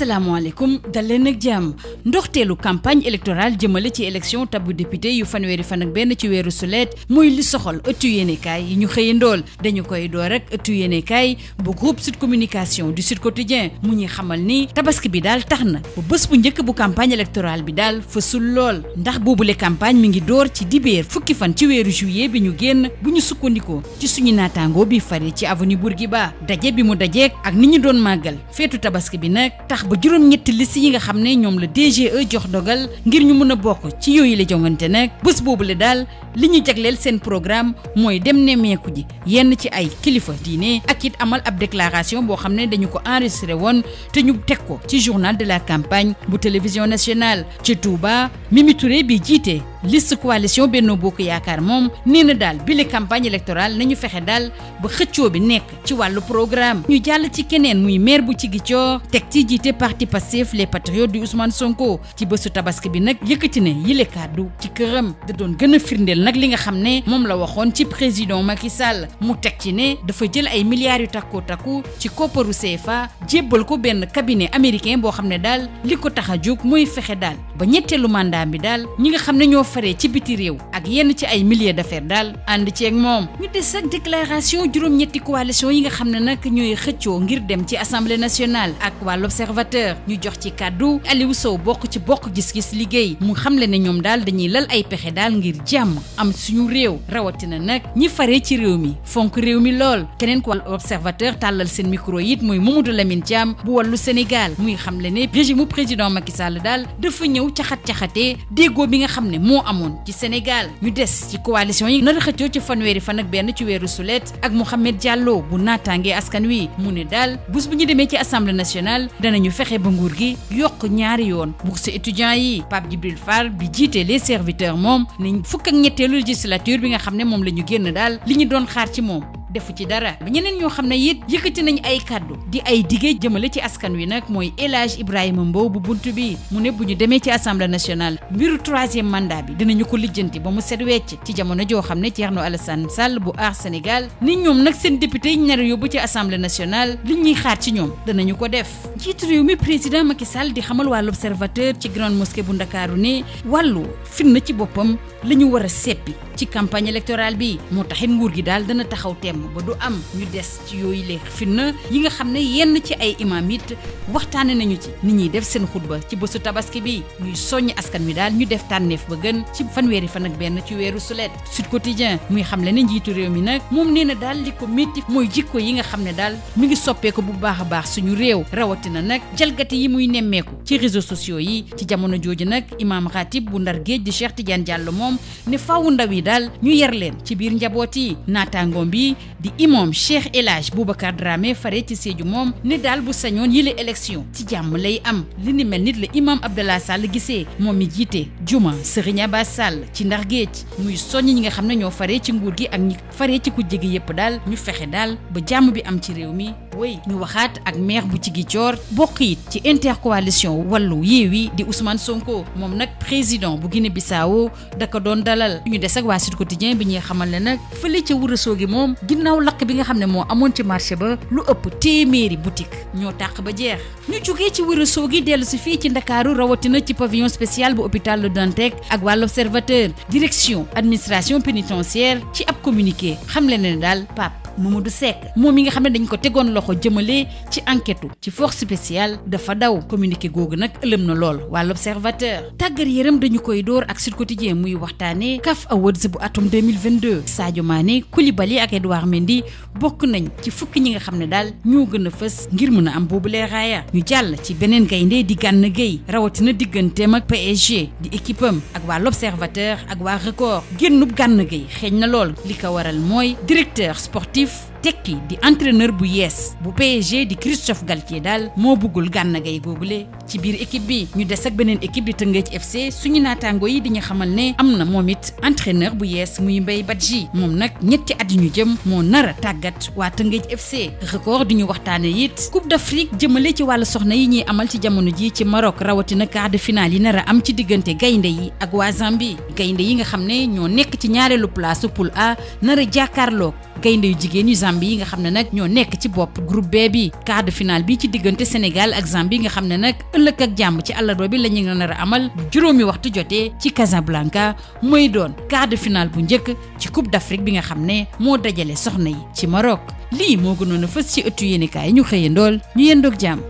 asalaamaaleykum dal leen ak jàmm ndoxteelu campagne électorale jëmale ci élection tabu député yu fanweeri fan ak benn ci weeru suleet mooy li soxal ëttu yéenekaay yi ñu xëya ndool dañu koy door rek ëttu yéenekaay bu groupe Sud Communication du Sud Quotidien mu ñuy xamal ni tabaski bi daal tax na bu bés bu njëkk bu campagne électorale bi daal fësul lool ndax boobule campagne mi ngi door ci dibéer fukki fan ci weeru juillet bi ñu génn bu ñu sukkandikoo ci suñu naataangoo bi fare ci avenue Bourguiba daje bi mu dajeek ak ni ñu doon màggal feetu tabaski bi nag ba juróom-ñetti liste yi nga xam ne ñoom la DGE jox dogal ngir ñu mën a bokk ci yooyu la jongante nag bés boobu la daal li ñu jagleel seen programme mooy dem nemmeeku ji yenn ci ay kilifa diine ak it amal ab déclaration boo xam ne dañu ko enregistré woon te ñu teg ko ci journal de la campagne bu télévision nationale ci Touba Mimi Touré bi jiite liste coalition Benno Bokk Yaakaar moom nee na daal bile campagne électorale nañu fexe daal ba xëccoo bi nekk ci wàllu programme ñu jàll ci keneen muy maire bu ci Ziguinchor teg ci jiite parti Pastef les patriotes du Ousmane Sonko ci bésu tabaski bi nag yëkkati ne yile kàddu ci këram da doon gën a firndeel nag li nga xam ne moom la waxoon ci président Macky Sall mu teg ci ne dafa jël ay milliards yu takku takku ci kopparu CFA jébbal ko benn cabinet américain boo xam ne daal li ko tax a jóg mooy fexe daal ba ñetteelu mandat bi daal ñi nga xam ne ñoo faree ci biti réew ak yenn ci ay milliers d'affaires daal ànd ceeg moom ñu des ak déclaration juróom-ñetti coalition yi nga xam ne nag ñooy xëccoo ngir dem ci assemblée nationale ak waa l'observateur ñu jox ci kàddu Aliou Sow bokk ci bokk gis-gis liggéey mu xamle ne ñoom daal dañuy lal ay pexe daal ngir jàmm am suñu réew rawatina nag ñi faree ci réew mi fonk réew mi lool keneen ko wàllu observateur tàllal seen micro it muy Mamadou Lamine Thiam bu wàllu Sénégal muy xamle ne régime mu président Macky Sall daal dafa ñëw caxat caxatee déggoo bi nga xam ne moo amoon ci Sénégal ñu des ci coalition yi nar a xëccoo ci fanweeri fan ak benn ci weeru sulet ak Mouhamed Diallo bu naataangee askan wi mu ne daal bés bu ñu demee ci assemblée nationale danañu fexe ba nguur gi yokk ñaari yoon bourse étudiants yi Pape Djibril Fall bi jiitee les serviteur moom ne fukk ak ñetteelu législature bi nga xam ne moom la ñu génn daal li ñu doon xaar ci moom defu ci dara ñeneen ñoo xam ne it yëkkati nañu ay kàddu di ay dige jëmale ci askan wi nag mooy El Hadj Ibrahima Mbow bu buntu bi mu ne bu ñu demee ci assemblée nationale mbiru troisième mandat bi dinañu ko lijjanti ba mu set wecc ci jamono joo xam ne jeex Thierno Alassane sàll bu Aar Sénégal ni ñoom nag seen député ñu nar a yóbbu ci assemblée nationale li ñuy xaar ci ñoom danañu ko def njiitu réew mi président Macky Sall di xamal waa l'Observateur ci bu Ndakaaru ne wàllu fitna ci boppam la ñu war a seppi ci campagne électorale bi moo taxit nguur gi daal dana taxaw temm ba du am ñu des ci yooyu leeg fitna yi nga xam ne yenn ci ay imaam it waxtaane nañu ci nit ñuy def seen xutba ci bésu tabaski bi ñuy soññ askan wi daal ñu def tànneef ba gën ci fanweeri fan ak benn ci weeru sulet Sud Quotidien muy xam le ne njiitu réew mi nag moom nee na daal li ko métti mooy jikko yi nga xam ne daal mu ngi soppeeku bu baax a baax suñu réew rawatina nag jalgati yi muy nemmeeku ci réseaux sociaux yi ci jamono jooju nag imaam ratib bu ndar géej di Cheikh Tidiane Diallo moom daal ñu yar leen ci biir njaboot yi naataangoom bi di imam Cheikh El Hadj Boubacar Dramé fare ci Sédhiou moom ni daal bu sañoon yile élection ci jàmm lay am li ni mel nit la imam Abdallah Sall gisee moom mi jiite juma Serigne Abbas Sall ci ndax géej muy soññ ñi nga xam ne ñoo fare ci nguur gi ak ñi fare ci ku jege yëpp daal ñu fexe daal ba jàmm bi am ci réew mi oui ñu waxaat ak meex bu Ziguinchor bokk it ci intercoalition wàllu Yewwi di Ousmane Sonko moom nag président bu Guinée-Bissau da doon dalal ñu des ak waa Sud Quotidien bi ñuy xamal ne nag fële ca wurasoo gi moom ginnaaw lakk bi nga xam ne moo amoon ci marché ba lu ëpp téeméeri boutique ñoo tàq ba jeex ñu jógee ci wurasoo gi dellu si fii ci Ndakaaru rawatina ci pavillon spécial bu hôpital Le Dantec ak waa L'Observateur direction administration pénitentiaire ci ab communiqué xam le ne daal Mamadou Seck moom mi nga xam ne dañ ko tegoon loxo jëmale ci enquête ci force spéciale dafa daw communiqué googu nag ëlëm na lool waa l'observateur tàggar yaram dañu koy door ak Sud Quotidien muy waxtaanee CAF Awards bu atum 2022 Sadio Mané Koulibaly ak Edouard Mendy bokk nañ ci fukki ñi nga xam ne daal ñoo gën a fës ngir mën a am boobu lee raaya ñu jàll ci beneen gaynde di Gana Gueye rawatina digganteem ak PSG di équipe am ak waa l'observateur ak waa record génnub Gana Gueye xeeñ na lool li ko positif tekki di entraîneur bu yees bu PSG di Christophe Galtier daal moo bëggul Gana Gueye googule ci biir équipe bi ñu des ak beneen équipe di Teungueth FC suñu naataango yi di ñu xamal ne am na moom it entraîneur bu yees muy bat Badji moom nag ñetti at yu ñu jëm moo nar a tàggat waa Teungueth FC record di ñu waxtaane it Coupe d'Afrique jëmale ci wàllu soxna yi ñuy amal ci jamono ji ci Maroc rawatina quart de finale yi nar a am ci diggante gaynde yi ak waa Zambie gaynde yi nga xam ne ñoo nekk ci ñaareelu place A nar a jàkkaarloog gaynde yu jigéen Zambie yi nga xam ne nag ñoo nekk ci bopp groupe B bi quart de finale bi ci diggante Sénégal ak Zambie nga xam ne nag ëllëg ak jàmm ci àllarba bi la ñu ngi nar a amal juróomi waxtu jotee ci Casablanca mooy doon quart de bu njëkk ci Coupe d'Afrique bi nga xam ne moo dajale soxna yi ci Maroc lii moo gënoon a fës ci ëttu yéenekaay yi ñu xëyandool ñu yendoog jàmm